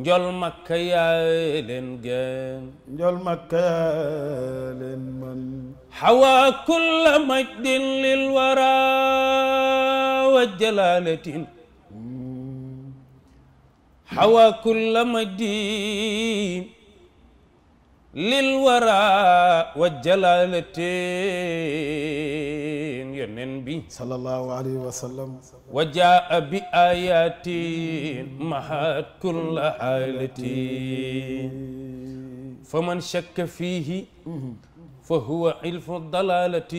njol makka yaa leen gën hawa kulla majdin lil wara wa jalalatin mm. والجلالتين يا نبي صلى الله عليه وسلم وجاء بآيات محات كل حالة فمن شك فيه فهو علف الضلالة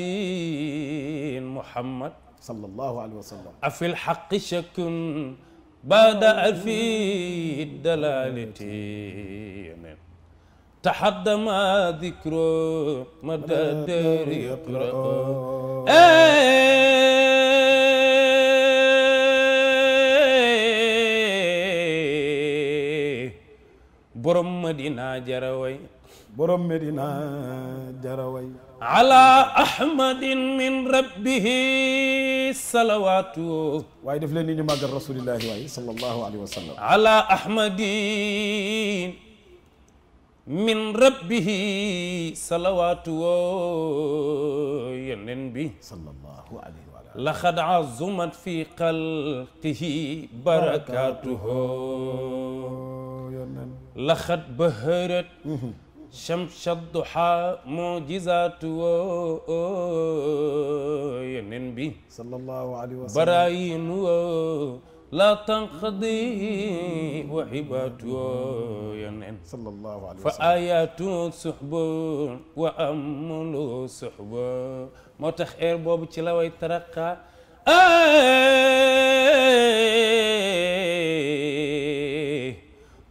محمد صلى الله عليه وسلم أفي الحق شك بعد ألف الدلالة تحدم ذكره مدى الدير يقرأ borom medina jaraway borom medina jaraway ala ahmadin min rabbih salawatu way def len ni rasulullah way alaihi wasallam ala ahmadin من ربه صلواته يا النبي صلى الله عليه وسلم لقد عظمت في قلقه بركاته لقد بهرت شمس الضحى معجزاته يا النبي صلى الله عليه وسلم براينه لا تنقضي وحبات ينن sallallahu alaihi wasallam fa ayatu suhbu wa amlu suhbu motax air bobu ci laway taraka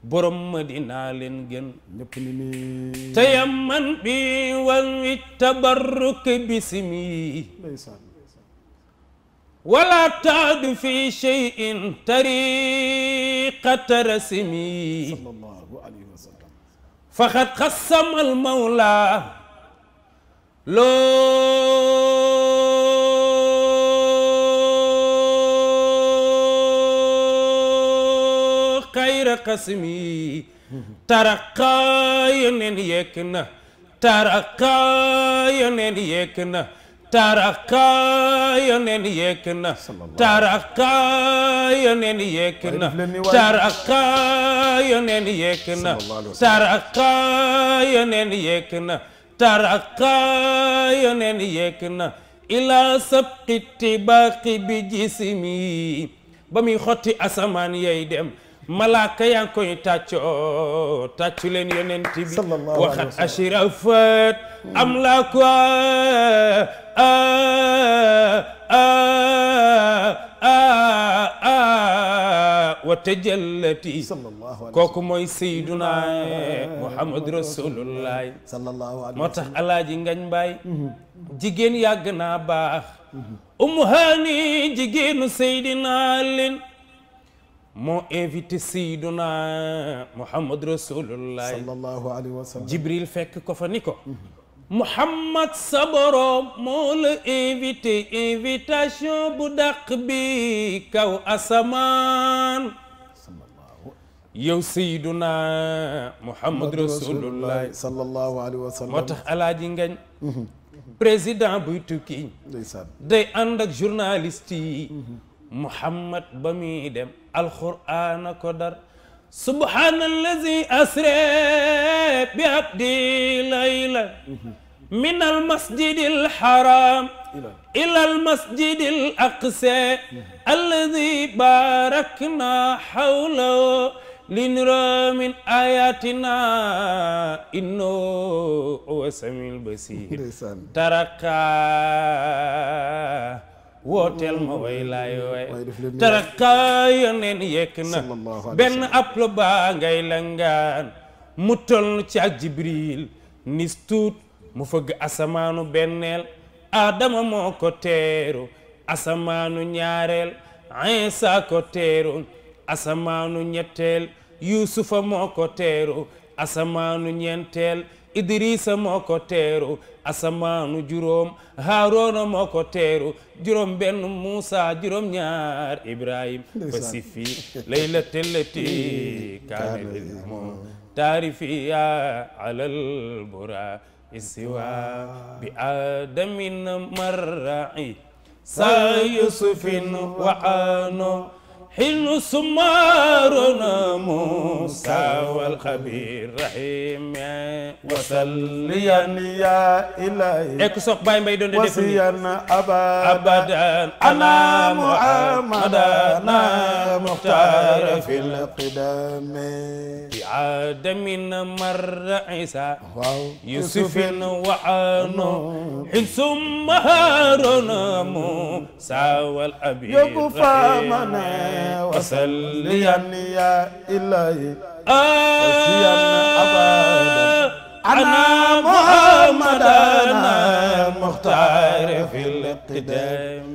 borom medina len gen ni ni tayaman bi wal tabarruk bismi ولا تعد في شيء طريقة رسمي صلى الله عليه وسلم فقد قسم المولى لو خير قسمي ترقى ينين يكنا ترقى ينين يكنا taraka yonen yekk na taraka yonen yekk na taraka yonen yekk na taraka yonen yekk na taraka yonen yekk na ila sabqi tibaqi bi jismi ba muy xotti asamaan yay dem malaaka yaa ngi koy tàccoo tàccu leen yonent waxat ashirafat am laa wa tajallati kooku mooy sayduna muhammad rasulullahi moo tax alaaji ngañ mbaay mhm. jigéen yàgg naa baax mhm. umu haani jigéenu saydina lin moo invité sayduna muhammad rasulullahi jibril fekk ko fa ni ko mhm. Mouhamad sa boroom moo la invitation bu dàq bi kaw asamaan yow sayduna Mouhamad rasulullah sallallahu tax alaaji ngañ mhm. président buy tukki day ànd ak journaliste yi mhm. ba muy dem alquraan a ko dar subhaanallazi asra bi abdi layla mhm. من المسجد الحرام إلى المسجد الأقصى الذي باركنا حوله لنرى من آياتنا إنه هو السميع البصير تركا wooteel ma way laay way taraka yoneen yekk na benn aplo jibril nis mu fëgg asamaanu benneel aadama moo ko teeru asamaanu ñaareel Iisaa ko teeru asamaanu ñetteel yuusufa moo ko teeru asamaanu ñeenteel idrisa moo ko teeru asamaanu juróom haarona moo ko teeru juróom benn muusa juróom ñaar ibrahim pasifi layla tellati kaanil ilmu taarifiya alal bura استوى بآدم مرعي سيوسف وعانو حين سمارنا موسى والخبير رحيم وسليا يا إلهي اكسوك باي باي دون وسيا أبدا أبدا أنا محمد أنا مختار في القدام بعدم مر عيسى يوسف وعانو حين سمارنا موسى والخبير رحيم وسليا يا إلهي وسيا آه، أبدا أنا محمد أنا المختار في القدام